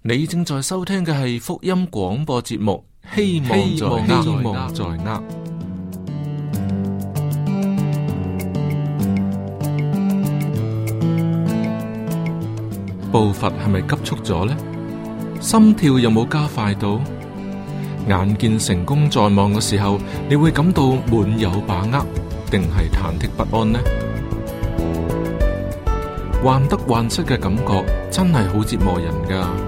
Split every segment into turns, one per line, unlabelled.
你正在收聽嘅係福音廣播節目，希望，希望在握，步伐係咪急促咗呢？心跳有冇加快到？眼見成功在望嘅時候，你會感到滿有把握，定係忐忑不安呢？患得患失嘅感覺真係好折磨人噶。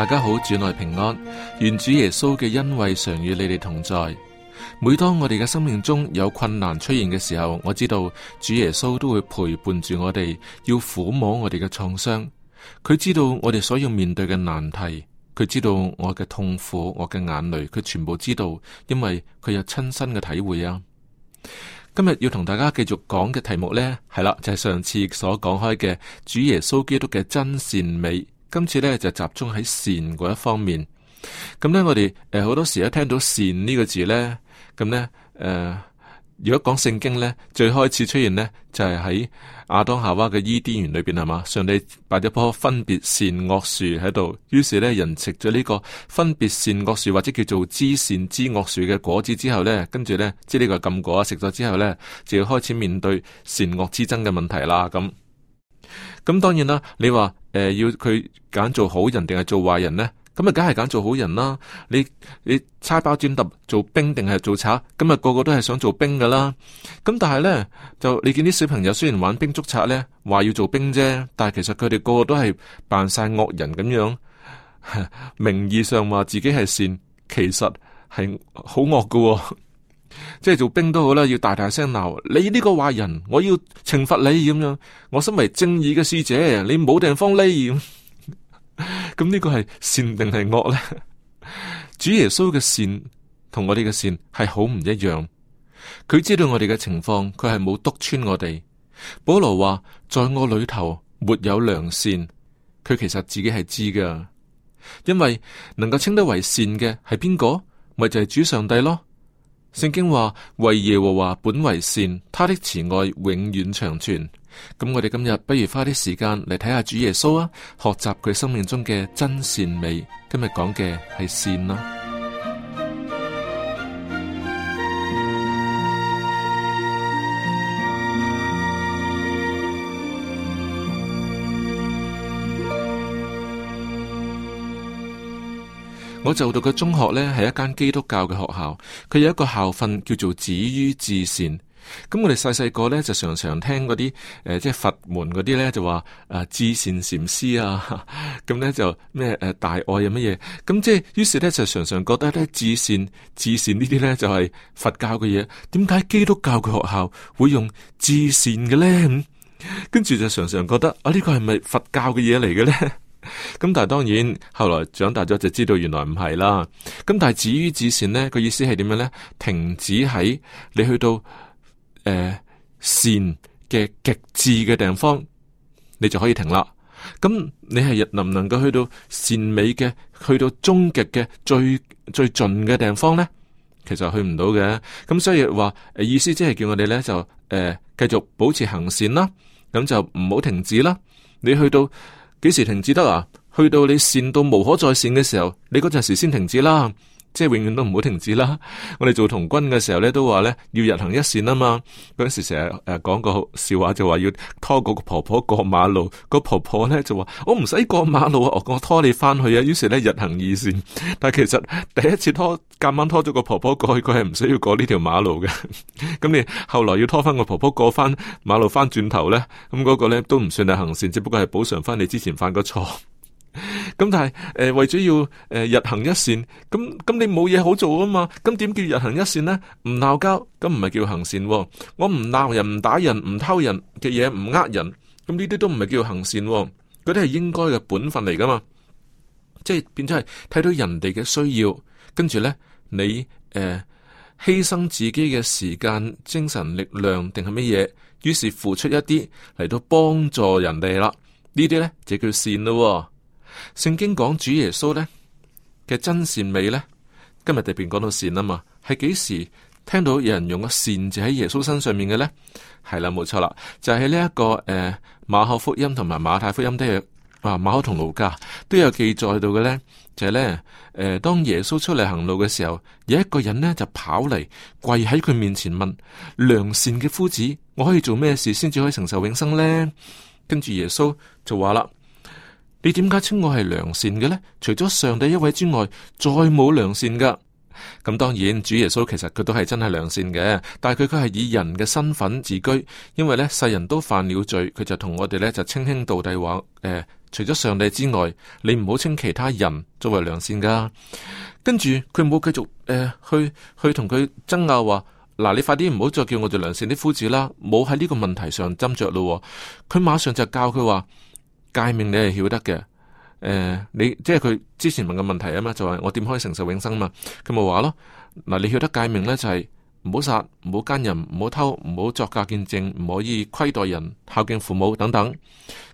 大家好，主內平安，願主耶穌嘅恩惠常與你哋同在。每當我哋嘅生命中有困難出現嘅時候，我知道主耶穌都會陪伴住我哋，要撫摸我哋嘅創傷。佢知道我哋所要面對嘅難題，佢知道我嘅痛苦，我嘅眼淚，佢全部知道，因為佢有親身嘅體會啊。今日要同大家繼續講嘅題目呢，係啦，就係上次所講開嘅主耶穌基督嘅真善美。今次咧就集中喺善嗰一方面，咁、嗯、咧我哋誒好多時一聽到善個呢個字咧，咁咧誒，如果講聖經咧，最開始出現咧就係喺亞當夏娃嘅伊甸園裏邊係嘛，上帝擺咗棵分別善惡樹喺度，於是咧人食咗呢個分別善惡樹或者叫做知善知惡樹嘅果子之後咧，跟住咧知呢即個禁果，食咗之後咧就要開始面對善惡之爭嘅問題啦咁。嗯咁當然啦，你話誒、呃、要佢揀做好人定係做壞人呢？咁啊，梗係揀做好人啦。你你猜包剪揼做兵定係做賊？咁啊，個個都係想做兵噶啦。咁但係呢，就你見啲小朋友雖然玩兵捉賊呢，話要做兵啫，但係其實佢哋個個都係扮晒惡人咁樣，名義上話自己係善，其實係好惡噶。即係做兵都好啦，要大大聲鬧你呢個壞人，我要懲罰你咁樣。我身為正義嘅使者，你冇地方匿咁。呢、 嗯呢個係善定係惡呢？ 主耶穌嘅善同我哋嘅善係好唔一樣。佢知道我哋嘅情況，佢係冇督穿我哋。保羅話，在我裏頭沒有良善，佢其實自己係知噶，因為能夠稱得為善嘅係邊個？咪就係、是、主上帝咯。聖經話：為耶和華本為善，他的慈愛永遠長存。咁我哋今日不如花啲時間嚟睇下主耶穌啊，學習佢生命中嘅真善美。今日講嘅係善啦、啊。我就讀嘅中學呢，係一間基督教嘅學校，佢有一個校訓叫做止於至善。咁我哋細細個呢，就常常聽嗰啲誒，即係佛門嗰啲呢，就話誒，至善禪師啊，咁呢，就咩誒大愛有乜嘢。咁即係於是呢，就常常覺得呢「至善、至善呢啲呢，就係佛教嘅嘢。點解基督教嘅學校會用至善嘅呢？嗯，跟住就常常覺得啊，呢個係咪佛教嘅嘢嚟嘅呢？咁但係當然，後來長大咗就知道原來唔係啦。咁但係止於至善呢個意思係點樣呢？停止喺你去到誒、呃、善嘅極致嘅地方，你就可以停啦。咁你係能唔能夠去到善美嘅，去到終極嘅最最盡嘅地方呢？其實去唔到嘅。咁所以話，意思即係叫我哋呢就誒繼、呃、續保持行善啦，咁就唔好停止啦。你去到。幾時停止得啊？去到你善到無可再善嘅時候，你嗰陣時先停止啦。即係永遠都唔好停止啦！我哋做童軍嘅時候咧，都話咧要日行一善啊嘛！嗰時成日誒講個笑話就話要拖嗰個婆婆過馬路，個婆婆咧就話我唔使過馬路啊，我拖你翻去啊！於是咧日行二善，但係其實第一次拖咁啱拖咗個婆婆過去，佢係唔需要過呢條馬路嘅。咁 你、嗯、後來要拖翻個婆婆過翻馬路翻轉頭咧，咁、那、嗰個咧都唔算係行善，只不過係補償翻你之前犯過錯。咁 但係誒，為咗要誒日行一善，咁咁你冇嘢好做啊嘛？咁點叫日行一善呢？唔鬧交咁唔係叫行善，哦。我唔鬧人、唔打人、唔偷人嘅嘢，唔呃人，咁呢啲都唔係叫行善，哦。嗰啲係應該嘅本分嚟噶嘛？即係變咗係睇到人哋嘅需要，跟住呢，你誒呃、犧牲自己嘅時間、精神力量定係乜嘢，於是付出一啲嚟到幫助人哋啦。呢啲呢，就叫善咯，哦。聖經講主耶穌呢嘅真善美呢，今日哋邊講到善啊嘛，係幾時聽到有人用個善字喺耶穌身上面嘅呢？係啦，冇錯啦，就係呢一個誒、呃、馬可福音同埋馬太福音都有啊，馬可同路加都有記載到嘅、就是、呢，就係呢。誒，當耶穌出嚟行路嘅時候，有一個人呢就跑嚟跪喺佢面前問，良善嘅夫子，我可以做咩事先至可以承受永生呢？」跟住耶穌就話啦。你點解稱我係良善嘅呢？除咗上帝一位之外，再冇良善噶。咁當然，主耶穌其實佢都係真係良善嘅，但係佢佢係以人嘅身份自居，因為咧世人都犯了罪，佢就同我哋咧就稱兄道弟話，誒、呃，除咗上帝之外，你唔好稱其他人作為良善噶。跟住佢冇繼續誒、呃、去去同佢爭拗話，嗱你快啲唔好再叫我做良善啲夫子啦，冇喺呢個問題上斟酌咯。佢馬上就教佢話。誡命你係曉得嘅，誒、呃，你即係佢之前問嘅問題啊？嘛，就話我點可以承受永生啊？嘛，咁咪話咯嗱。你曉得誡命呢，就係唔好殺，唔好奸人，唔好偷，唔好作假見證，唔可以虧待人，孝敬父母等等。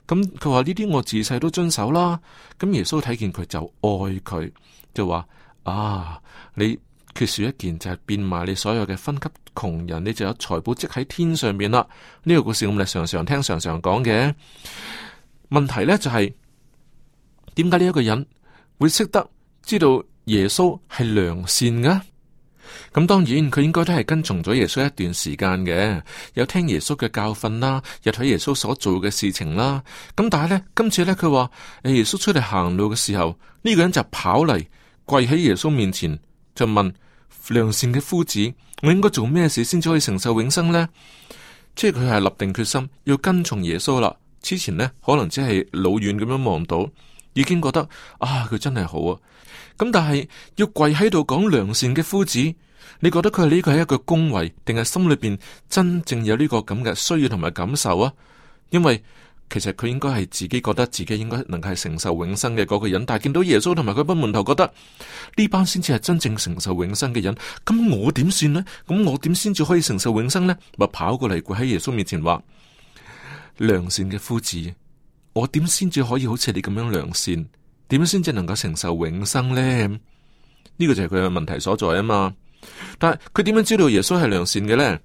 咁佢話呢啲我自細都遵守啦。咁、嗯、耶穌睇見佢就愛佢，就話啊，你缺少一件就係變賣你所有嘅分級窮人，你就有財寶積喺天上面啦。呢、這個故事我哋常常聽，常常講嘅。問題呢，就係點解呢一個人會識得知道耶穌係良善嘅？咁當然佢應該都係跟從咗耶穌一段時間嘅，有聽耶穌嘅教訓啦，入睇耶穌所做嘅事情啦。咁但係呢，今次呢，佢話，誒耶穌出嚟行路嘅時候，呢、這個人就跑嚟跪喺耶穌面前，就問良善嘅夫子：我應該做咩事先至可以承受永生呢？」即係佢係立定決心要跟從耶穌啦。之前呢，可能只係老遠咁樣望到，已經覺得啊，佢真係好啊。咁但係要跪喺度講良善嘅夫子，你覺得佢係呢個係一個恭維，定係心裏邊真正有呢個咁嘅需要同埋感受啊？因為其實佢應該係自己覺得自己應該能係承受永生嘅嗰個人，但係見到耶穌同埋佢班門徒，覺得呢班先至係真正承受永生嘅人。咁我點算呢？咁我點先至可以承受永生呢？咪跑過嚟跪喺耶穌面前話？良善嘅夫子，我點先至可以好似你咁樣良善？點先至能夠承受永生呢？呢、呢個就係佢嘅問題所在啊嘛！但係佢點樣知道耶穌係良善嘅咧？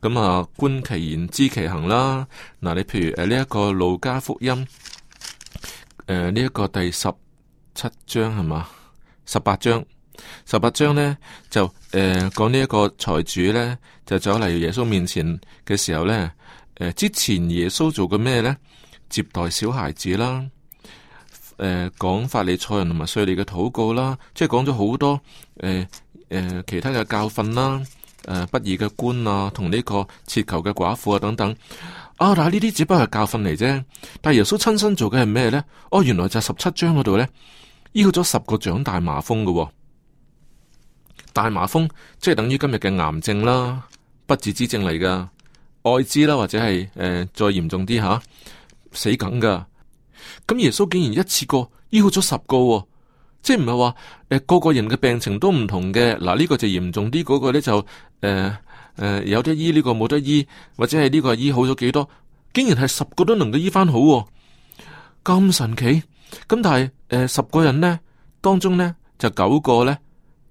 咁、嗯、啊，觀其言知其行啦。嗱，你譬如誒呢一個路加福音誒呢一個第十七章係嘛？十八章，十八章咧就誒、呃、講呢一個財主咧就走嚟耶穌面前嘅時候咧。呃、之前耶穌做嘅咩呢？接待小孩子啦，誒、呃，講法利賽人同埋稅吏嘅禱告啦，即係講咗好多誒誒、呃呃，其他嘅教訓啦，誒、呃，不義嘅官啊，同呢個乞求嘅寡婦啊等等。啊，但係呢啲只不過係教訓嚟啫。但係耶穌親身做嘅係咩呢？哦、啊，原來就係十七章嗰度呢，醫好咗十個長大麻風嘅、哦。大麻風即係等於今日嘅癌症啦，不治之症嚟㗎。外痔啦，或者係誒、呃、再嚴重啲吓、啊、死梗噶，咁耶穌竟然一次過醫好咗十個、哦，即係唔係話誒個個人嘅病情都唔同嘅嗱，呢、這個就嚴重啲，嗰、那個咧就誒誒、呃呃、有得醫呢、這個冇得醫，或者係呢個醫好咗幾多，竟然係十個都能夠醫翻好、哦，咁神奇，咁但係誒、呃、十個人呢，當中呢，就九個咧。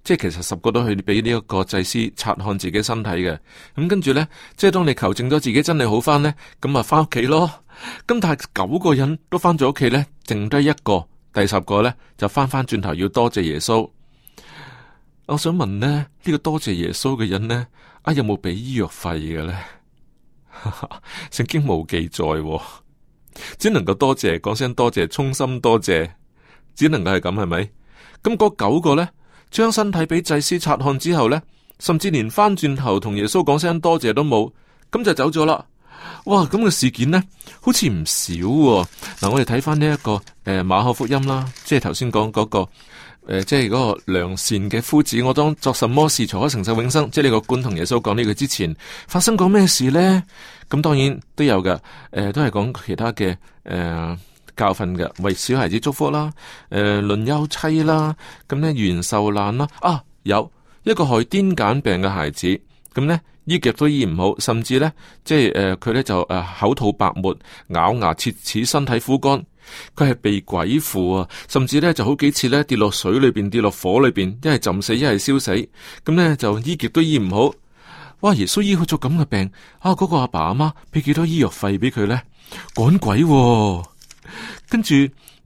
即係其實十個都去俾呢個祭司察看自己身體嘅，咁、嗯、跟住咧，即係當你求證咗自己真係好翻咧，咁啊翻屋企咯。咁但係九個人都翻咗屋企咧，剩低一個，第十個咧就翻翻轉頭要多謝耶穌。我想問咧，呢個多謝耶穌嘅人咧，啊有冇俾醫藥費嘅咧？聖 經冇記載、哦，只能夠多謝，講聲多謝，衷心多謝，只能夠係咁係咪？咁嗰九個咧？將身體俾祭司察看之後呢，甚至連翻轉頭同耶穌講聲多謝都冇，咁就走咗啦。哇，咁嘅事件呢，好似唔少喎、哦。嗱，我哋睇翻呢一個誒、呃、馬可福音啦，即係頭先講嗰個誒、呃，即係嗰個良善嘅夫子，我當作什麼事除咗承受永生。即係呢個官同耶穌講呢個之前發生過咩事呢？咁、嗯、當然都有嘅，誒、呃，都係講其他嘅誒。呃教訓嘅為小孩子祝福啦，誒、呃，論休妻啦，咁呢願受難啦。啊，有一個害癲癇病嘅孩子，咁呢，醫極都醫唔好，甚至呢，即係誒，佢、呃、咧就誒、呃、口吐白沫，咬牙切齒，切身體枯乾，佢係被鬼附啊，甚至咧就好幾次咧跌落水裏邊，跌落火裏邊，一係浸死，一係燒死，咁呢，就醫極都醫唔好。哇，耶穌醫好咗咁嘅病啊，嗰、那個阿爸阿媽俾幾多醫藥費俾佢呢？趕鬼、啊。跟住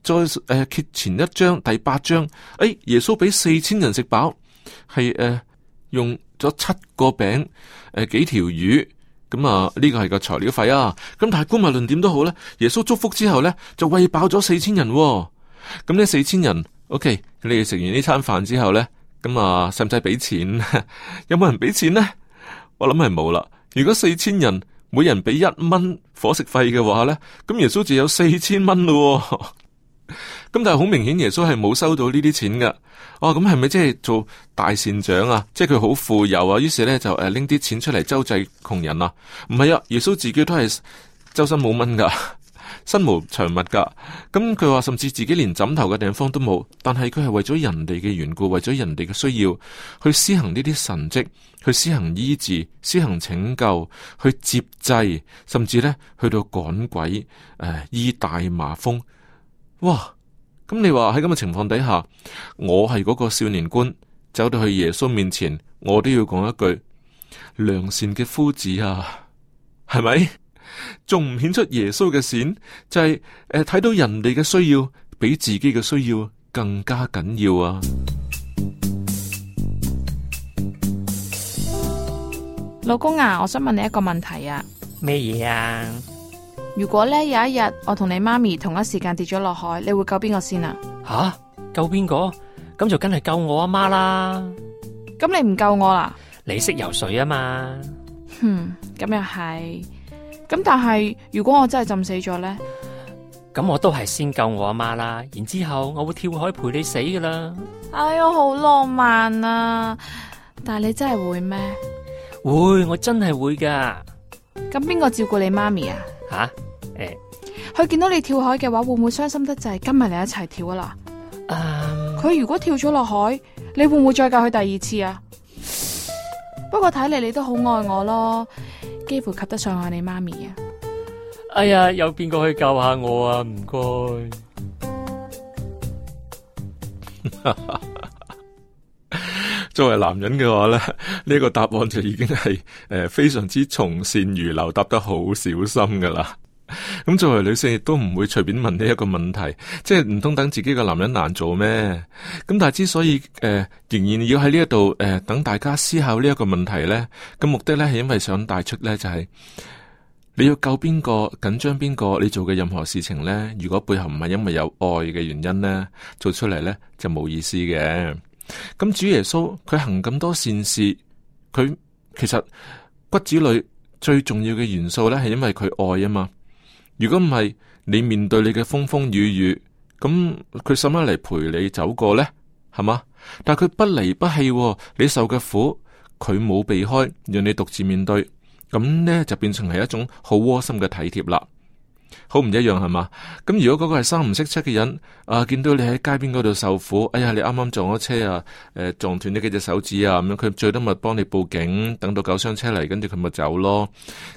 再誒揭、呃、前一章第八章，誒、哎、耶穌俾四千人食飽，係誒、呃、用咗七個餅，誒、呃、幾條魚，咁、嗯、啊呢、這個係個材料費啊。咁、嗯、但係官麥論點都好咧，耶穌祝福之後咧就喂飽咗四千人。咁呢四千人，OK，你哋食完呢餐飯之後咧，咁、嗯、啊使唔使俾錢？ 有冇人俾錢咧？我諗係冇啦。如果四千人。每人俾一蚊伙食費嘅話咧，咁耶穌只有四千蚊咯，咁 但係好明顯耶穌係冇收到呢啲錢噶。哦、啊，咁係咪即係做大善長啊？即係佢好富有啊？於是咧就誒拎啲錢出嚟周濟窮人啊？唔係啊，耶穌自己都係周身冇蚊噶。 身無長物噶，咁佢話甚至自己連枕頭嘅地方都冇，但係佢係為咗人哋嘅緣故，為咗人哋嘅需要，去施行呢啲神蹟，去施行醫治、施行拯救、去接濟，甚至呢，去到趕鬼、誒、呃、醫大麻風。哇！咁你話喺咁嘅情況底下，我係嗰個少年官，走到去耶穌面前，我都要講一句良善嘅夫子啊，係咪？仲唔顯出耶穌嘅善就係，誒，睇到人哋嘅需要比自己嘅需要更加緊要啊！老公啊，我想問你一個問題啊！咩嘢啊？如果咧有一日我同你媽咪同一時間跌咗落海，你會救邊個先啊？吓，啊，救邊個？咁就梗係救我阿媽啦！咁你唔救我啦，啊？你識游水啊嘛？哼，咁又係。咁但係如果我真係浸死咗咧，咁我都係先救我阿媽啦，然之後我會跳海陪你死噶啦。哎喲，好浪漫啊！但係你真係會咩？會，我真係會噶。咁邊個照顧你媽咪啊？吓，誒、呃，佢見到你跳海嘅話，會唔會傷心得滯，跟埋你一齊跳噶啦，佢如果跳咗落海，你會唔會再救佢第二次啊？不過睇嚟你都好愛我咯。幾乎及得上我哋媽咪啊！哎呀，有邊個去救下我啊？唔該。 作為男人嘅話咧，呢、這個答案就已經係誒、呃、非常之從善如流，答得好小心噶啦。咁作為女性亦都唔會隨便問呢一個問題，即係唔通等自己個男人難做咩？咁但係之所以誒、呃、仍然要喺呢一度誒，等大家思考呢一個問題咧，咁目的呢係因為想帶出呢，就係、是、你要救邊個緊張邊個，你做嘅任何事情呢。如果背後唔係因為有愛嘅原因呢，做出嚟呢就冇意思嘅。咁主耶穌佢行咁多善事，佢其實骨子裏最重要嘅元素呢，係因為佢愛啊嘛。如果唔係，你面對你嘅風風雨雨，咁佢使乜嚟陪你走過呢？係嘛？但係佢不離不棄哦，你受嘅苦，佢冇避開，讓你獨自面對，咁呢，就變成係一種好窩心嘅體貼啦。好唔一樣係嘛？咁如果嗰個係三唔識七嘅人，啊見到你喺街邊嗰度受苦，哎呀你啱啱撞咗車啊，誒撞斷咗幾隻手指啊咁樣，佢最多咪幫你報警，等到救傷車嚟，跟住佢咪走咯。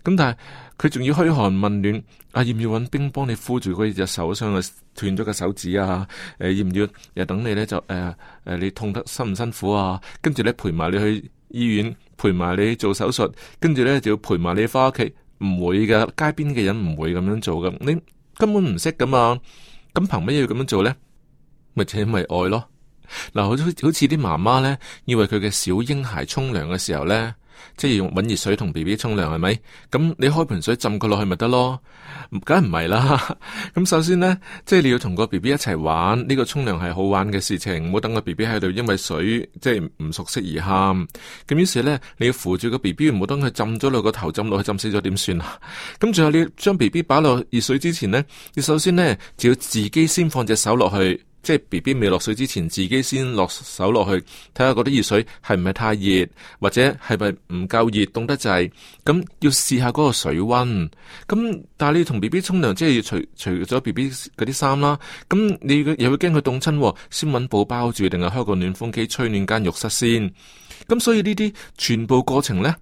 咁但係佢仲要噓寒問暖，啊要唔要揾冰幫你敷住嗰隻手傷嘅斷咗嘅手指啊？誒要唔要又等你咧就誒誒、啊啊、你痛得辛唔辛苦啊？跟住咧陪埋你去醫院，陪埋你做手術，跟住咧就要陪埋你翻屋企。唔會噶，街邊嘅人唔會咁樣做噶。你根本唔識噶嘛，咁憑咩要咁樣做咧？咪就係因為愛咯。嗱，好似好似啲媽媽咧，要為佢嘅小嬰孩沖涼嘅時候咧。即係用搵熱水同 B B 沖涼係咪？咁你開盆水浸佢落去咪得咯？梗唔係啦。咁 首先呢，即係你要同個 B B 一齊玩呢個沖涼係好玩嘅事情，唔好等個 B B 喺度因為水即係唔熟悉而喊。咁於是呢，你要扶住個 B B，唔好等佢浸咗落個頭浸落去浸死咗點算啊？咁仲有你要將 B B 擺落熱水之前呢，你首先呢，就要自己先放隻手落去。即係 B B 未落水之前，自己先落手落去睇下嗰啲熱水係唔係太熱，或者係咪唔夠熱凍得滯？咁要試下嗰個水温。咁但係你同 B B 沖涼，即係要除除咗 B B 嗰啲衫啦。咁你又會驚佢凍親，先溫布包住，定係開個暖風機吹暖間浴室先？咁所以呢啲全部過程咧，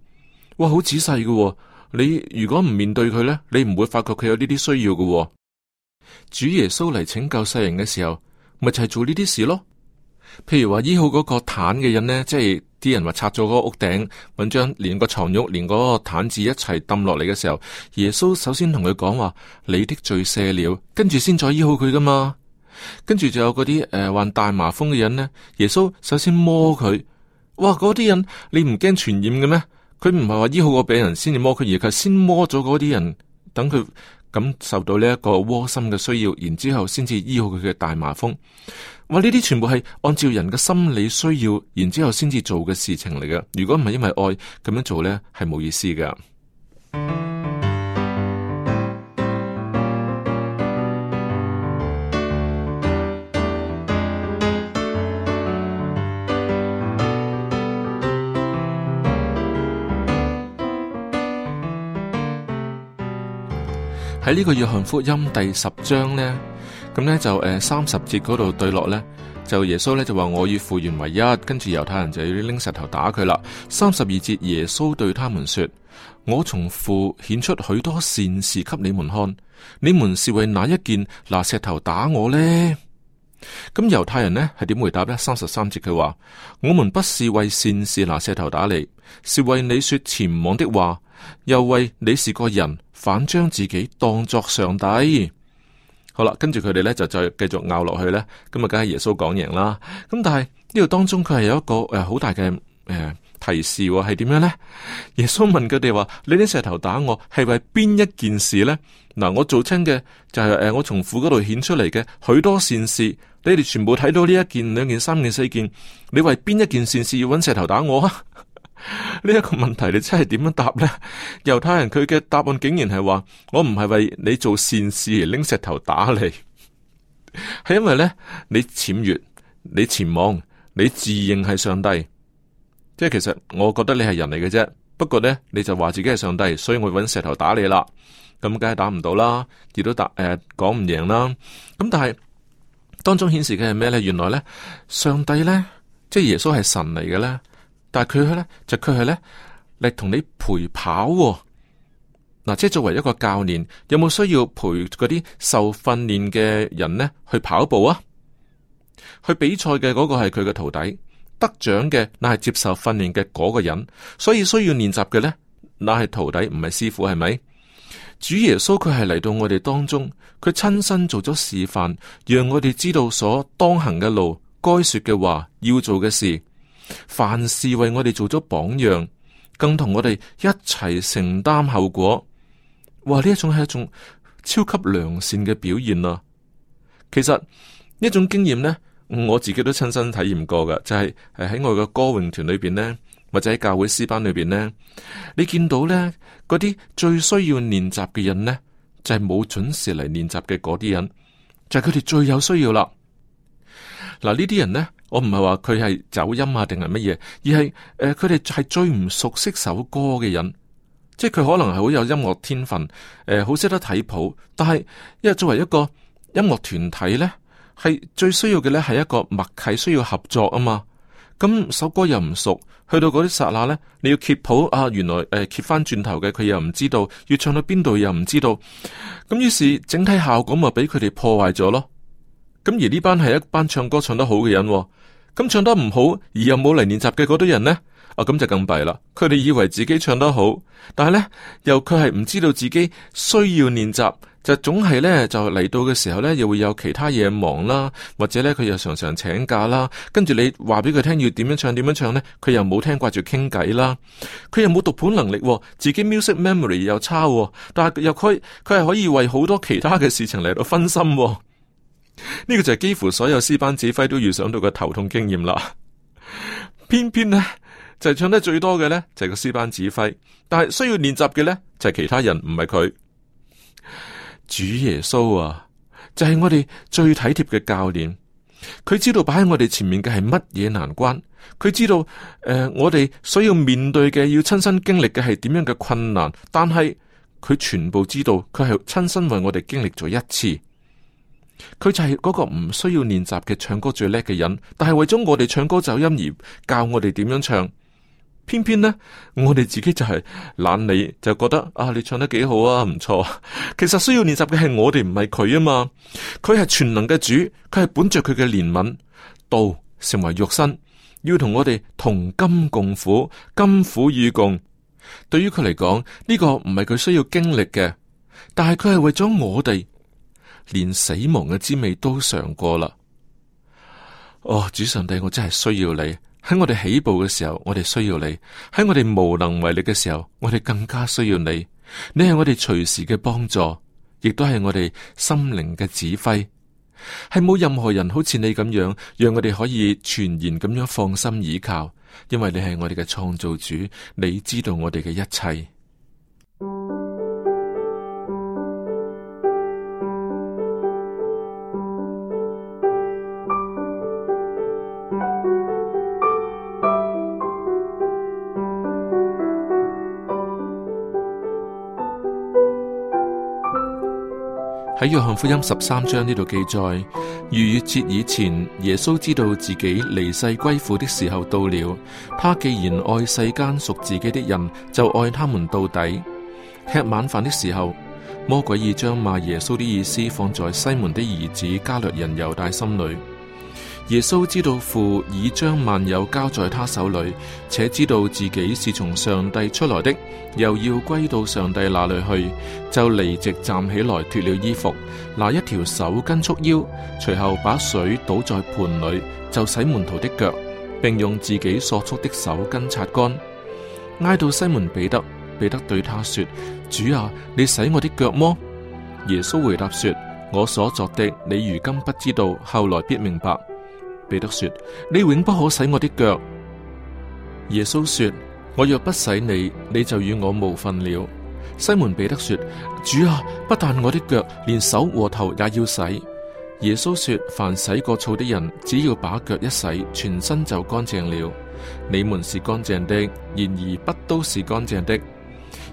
哇，好仔細噶、哦！你如果唔面對佢咧，你唔會發覺佢有呢啲需要噶、哦。主耶穌嚟拯救世人嘅時候。咪就係做呢啲事咯，譬如話醫好嗰個癱嘅人呢，即係啲人話拆咗嗰個屋頂，揾張連個床褥連個癱子一齊抌落嚟嘅時候，耶穌首先同佢講話：，你的罪赦了，跟住先再醫好佢噶嘛。跟住就有嗰啲誒患大麻風嘅人呢，耶穌首先摸佢，哇！嗰啲人你唔驚傳染嘅咩？佢唔係話醫好個病人先至摸佢，而係先摸咗嗰啲人，等佢。感受到呢一個窩心嘅需要，然之後先至醫好佢嘅大麻風。哇！呢啲全部係按照人嘅心理需要，然之後先至做嘅事情嚟嘅。如果唔係因為愛，咁樣做呢係冇意思㗎。喺呢個約翰福音第十章呢，咁呢就誒、呃、三十節嗰度對落呢，就耶穌呢，就話我與父原為一，跟住猶太人就要拎石頭打佢啦。三十二節耶穌對他們說：我從父顯出許多善事給你們看，你們是為哪一件拿石頭打我呢？」咁猶太人呢，係點回答呢？三十三節佢話：我們不是為善事拿石頭打你，是為你說前往的話。又為你是個人，反將自己當作上帝。好啦，跟住佢哋咧就再繼續拗落去咧，咁啊梗係耶穌講贏啦。咁但係呢度當中佢係有一個誒好、呃、大嘅誒、呃、提示係、哦、點樣咧？耶穌問佢哋話：你啲石頭打我係為邊一件事咧？嗱，我做親嘅就係、是、誒、呃，我從父嗰度顯出嚟嘅許多善事，你哋全部睇到呢一件、兩件、三件、四件，你為邊一件善事要揾石頭打我啊？呢一個問題你真係點樣答呢？猶太人佢嘅答案竟然係話：我唔係為你做善事而拎石頭打你，係 因為呢，你僭越，你前往，你自認係上帝，即係其實我覺得你係人嚟嘅啫。不過呢，你就話自己係上帝，所以我揾石頭打你啦。咁梗係打唔到啦，亦都打誒，講唔贏啦。咁但係當中顯示嘅係咩呢？原來呢，上帝呢，即係耶穌係神嚟嘅呢。但佢去呢，就佢去呢，嚟同你陪跑嗱、哦啊，即係作為一個教練，有冇需要陪嗰啲受訓練嘅人呢去跑步啊？去比賽嘅嗰個係佢嘅徒弟，得獎嘅乃係接受訓練嘅嗰個人，所以需要練習嘅呢，乃係徒弟唔係師傅，係咪？主耶穌佢係嚟到我哋當中，佢親身做咗示範，讓我哋知道所當行嘅路、該說嘅話、要做嘅事。凡事為我哋做咗榜樣，更同我哋一齊承擔後果。哇！呢一種係一種超級良善嘅表現啦、啊。其實呢一種經驗呢，我自己都親身體驗過噶，就係喺我嘅歌詠團裏邊呢，或者喺教會詩班裏邊呢，你見到呢嗰啲最需要練習嘅人呢，就係冇準時嚟練習嘅嗰啲人，就係佢哋最有需要啦。嗱，呢啲人呢，我唔係話佢係走音啊，定係乜嘢，而係誒，佢哋係最唔熟悉首歌嘅人，即係佢可能係好有音樂天分，誒、呃，好識得睇譜，但係因為作為一個音樂團體咧，係最需要嘅咧係一個默契，需要合作啊嘛。咁首歌又唔熟，去到嗰啲剎那咧，你要揭譜啊，原來誒、呃、揭翻轉頭嘅，佢又唔知道要唱到邊度又唔知道，咁於是整體效果咪俾佢哋破壞咗咯。咁而呢班係一班唱歌唱得好嘅人，哦，咁唱得唔好而又冇嚟練習嘅嗰堆人呢？啊，咁就更弊啦！佢哋以為自己唱得好，但係呢，又佢係唔知道自己需要練習，就總係呢，就嚟到嘅時候呢，又會有其他嘢忙啦，或者呢，佢又常常請假啦。跟住你話俾佢聽要點樣唱，點樣唱呢？佢又冇聽掛住傾偈啦，佢又冇讀本能力，哦，自己 music memory 又差，哦，但係又佢佢係可以為好多其他嘅事情嚟到分心，哦。呢個就係幾乎所有詩班指揮都預想到嘅頭痛經驗啦。偏偏呢，就係、是、唱得最多嘅呢，就係、是、個詩班指揮，但係需要練習嘅呢，就係、是、其他人，唔係佢。主耶穌啊，就係、是、我哋最體貼嘅教練。佢知道擺喺我哋前面嘅係乜嘢難關，佢知道誒、呃、我哋所要面對嘅要親身經歷嘅係點樣嘅困難，但係佢全部知道，佢係親身為我哋經歷咗一次。佢就係嗰個唔需要練習嘅唱歌最叻嘅人，但係為咗我哋唱歌走音而教我哋點樣唱。偏偏呢，我哋自己就係懶理，就覺得啊，你唱得幾好啊，唔錯。其實需要練習嘅係我哋，唔係佢啊嘛。佢係全能嘅主，佢係本着佢嘅憐憫，道成為肉身，要同我哋同甘共苦、甘苦與共。對於佢嚟講，呢個唔係佢需要經歷嘅，但係佢係為咗我哋。連死亡嘅滋味都嘗過啦！哦，主上帝，我真係需要你。喺我哋起步嘅時候，我哋需要你。喺我哋無能為力嘅時候，我哋更加需要你。你係我哋隨時嘅幫助，亦都係我哋心靈嘅指揮。係冇任何人好似你咁樣，讓我哋可以全然咁樣放心依靠，因為你係我哋嘅創造主，你知道我哋嘅一切。喺約翰福音十三章呢度記載，逾越節以前，耶穌知道自己離世歸父的時候到了。他既然愛世間屬自己的人，就愛他們到底。吃晚飯的時候，魔鬼已將賣耶穌的意思放在西門的兒子加略人猶大心裏。耶穌知道父已將萬有交在他手裏，且知道自己是從上帝出來的，又要歸到上帝那裏去，就離席站起來，脱了衣服，拿一條手巾束腰，隨後把水倒在盆裏，就洗門徒的腳，並用自己所束的手巾擦乾。挨到西門彼得，彼得對他說：主啊，你洗我的腳麼？耶穌回答說：我所作的，你如今不知道，後來必明白。彼得說：你永不可洗我的腳。耶穌說：我若不洗你，你就與我無分了。西門彼得說：主啊，不但我的腳，連手和頭也要洗。耶穌說：凡洗過澡的人，只要把腳一洗，全身就乾淨了。你們是乾淨的，然而不都是乾淨的。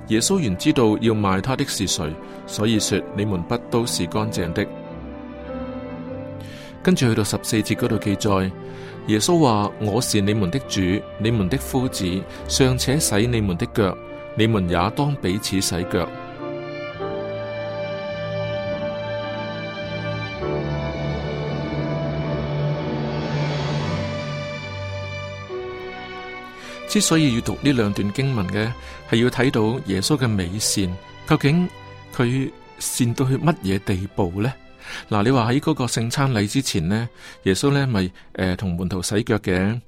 耶穌原知道要賣他的是誰，所以說你們不都是乾淨的。跟住去到十四節嗰度記載，耶穌話：我是你們的主，你們的夫子，尚且洗你們的腳，你們也當彼此洗腳。 之所以要讀呢兩段經文嘅，係要睇到耶穌嘅美善，究竟佢善到去乜嘢地步呢？嗱、啊，你話喺嗰個聖餐禮之前呢，耶穌咧咪誒同門徒洗腳嘅？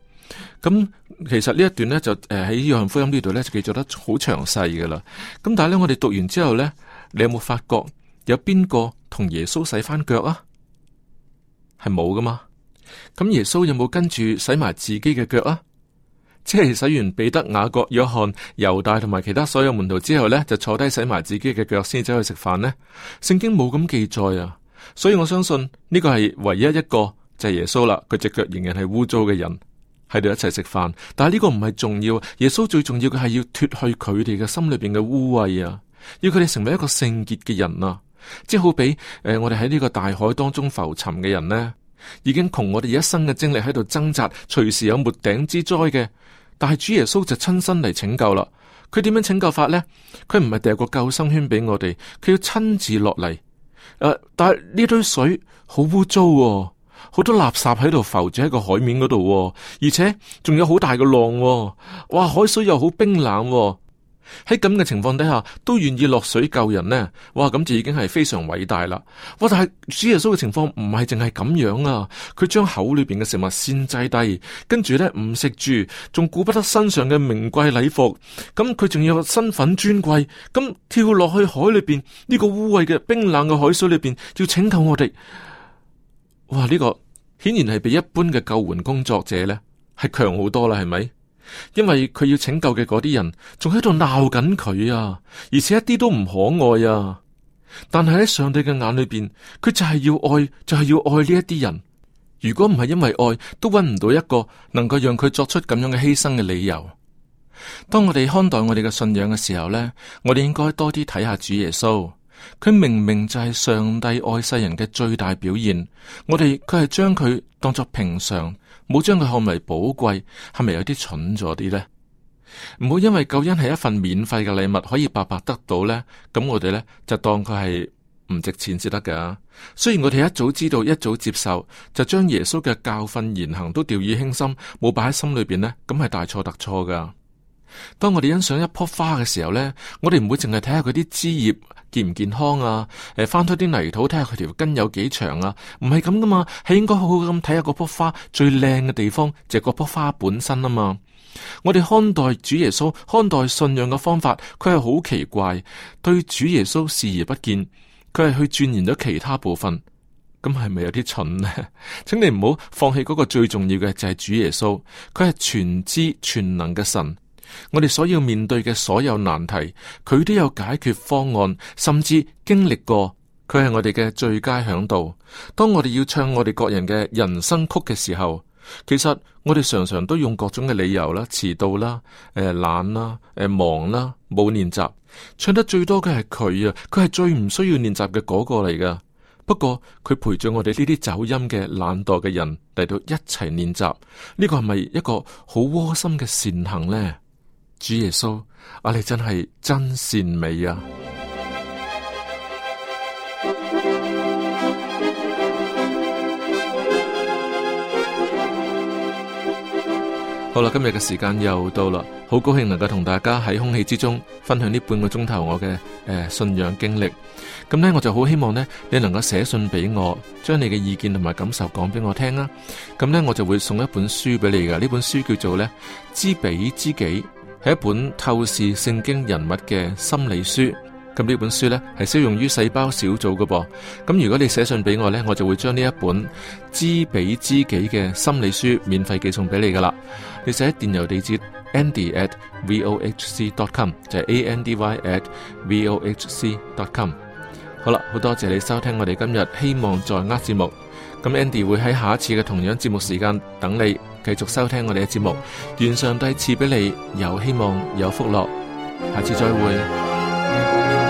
咁、嗯、其實呢一段呢，就誒喺、呃、約翰福音呢度咧就記載得好詳細噶啦。咁、嗯、但係咧，我哋讀完之後咧，你有冇發覺有邊個同耶穌洗翻腳啊？係冇噶嘛？咁、嗯、耶穌有冇跟住洗埋自己嘅腳啊？即係洗完彼得、雅各、約翰、猶大同埋其他所有門徒之後咧，就坐低洗埋自己嘅腳先走去食飯呢？聖經冇咁記載啊。所以我相信呢、這個係唯一一個就係、是、耶穌啦，佢隻腳仍然係污糟嘅人喺度一齊食飯，但係呢個唔係重要，耶穌最重要嘅係要脫去佢哋嘅心裏邊嘅污穢啊，要佢哋成為一個聖潔嘅人啊，即係好比誒、呃、我哋喺呢個大海當中浮沉嘅人呢，已經窮我哋一生嘅精力喺度掙扎，隨時有沒頂之災嘅，但係主耶穌就親身嚟拯救啦，佢點樣拯救法呢？佢唔係掉個救生圈俾我哋，佢要親自落嚟。誒、呃，但係呢堆水好污糟，好多垃圾喺度浮住喺個海面嗰度、哦，而且仲有好大嘅浪、哦，哇！海水又好冰冷、哦。喺咁嘅情況底下，都願意落水救人呢？哇！咁就已經係非常偉大啦。哇！但係主耶穌嘅情況唔係淨係咁樣啊，佢將口裏邊嘅食物先制低，跟住咧唔食住，仲顧不得身上嘅名貴禮服。咁佢仲要身份尊貴，咁、嗯、跳落去海裏邊呢個污穢嘅冰冷嘅海水裏邊，要拯救我哋。哇！呢個顯然係比一般嘅救援工作者咧，係強好多啦，係咪？因為佢要拯救嘅嗰啲人仲喺度鬧緊佢啊，而且一啲都唔可愛啊！但係喺上帝嘅眼裏邊，佢就係要愛，就係要愛呢一啲人。如果唔係因為愛，都搵唔到一個能夠讓佢作出咁樣嘅犧牲嘅理由。當我哋看待我哋嘅信仰嘅時候呢，我哋應該多啲睇下主耶穌，佢明明就係上帝愛世人嘅最大表現。我哋佢係將佢當作平常。冇將佢看為寶貴，係咪有啲蠢咗啲呢？唔好因為救恩係一份免費嘅禮物，可以白白得到呢。咁我哋呢，就當佢係唔值錢至得噶。雖然我哋一早知道，一早接受，就將耶穌嘅教訓言行都掉以輕心，冇擺喺心裏邊呢。咁係大錯特錯噶。當我哋欣賞一樖花嘅時候呢，我哋唔會淨係睇下佢啲枝葉。健唔健康啊？誒，翻出啲泥土睇下佢條根有幾長啊？唔係咁噶嘛，係應該好好咁睇下個棵花最靚嘅地方，就係個棵花本身啊嘛。我哋看待主耶穌、看待信仰嘅方法，佢係好奇怪，對主耶穌視而不見，佢係去鑽研咗其他部分。咁係咪有啲蠢呢？請你唔好放棄嗰個最重要嘅，就係主耶穌，佢係全知全能嘅神。我哋所要面對嘅所有難題，佢都有解決方案，甚至經歷過，佢係我哋嘅最佳響度。當我哋要唱我哋各人嘅人生曲嘅時候，其實我哋常常都用各種嘅理由啦，遲到啦，誒、呃、懶啦，誒、呃、忙啦，冇練習，唱得最多嘅係佢啊，佢係最唔需要練習嘅嗰個嚟㗎。不過佢陪着我哋呢啲走音嘅懶惰嘅人嚟到一齊練習，呢、這個係咪一個好窩心嘅善行呢？主耶穌，阿你真係真善美啊！好啦，今日嘅時間又到啦，好高興能夠同大家喺空氣之中分享呢半個鐘頭我嘅誒信仰經歷。咁呢，我就好希望呢，你能夠寫信俾我，將你嘅意見同埋感受講俾我聽啊。咁呢，我就會送一本書俾你嘅。呢本書叫做呢知彼知己。係一本透視聖經人物嘅心理書，咁呢本書呢，係適用於細胞小組嘅噃。咁如果你寫信俾我呢，我就會將呢一本知彼知己嘅心理書免費寄送俾你噶啦。你寫電郵地址 andy@vohc.com 就係 andy@vohc.com。好啦，好多謝你收聽我哋今日希望在握節目，咁 Andy 會喺下一次嘅同樣節目時間等你。繼續收聽我哋嘅節目，願上帝賜俾你有希望、有福樂。下次再會。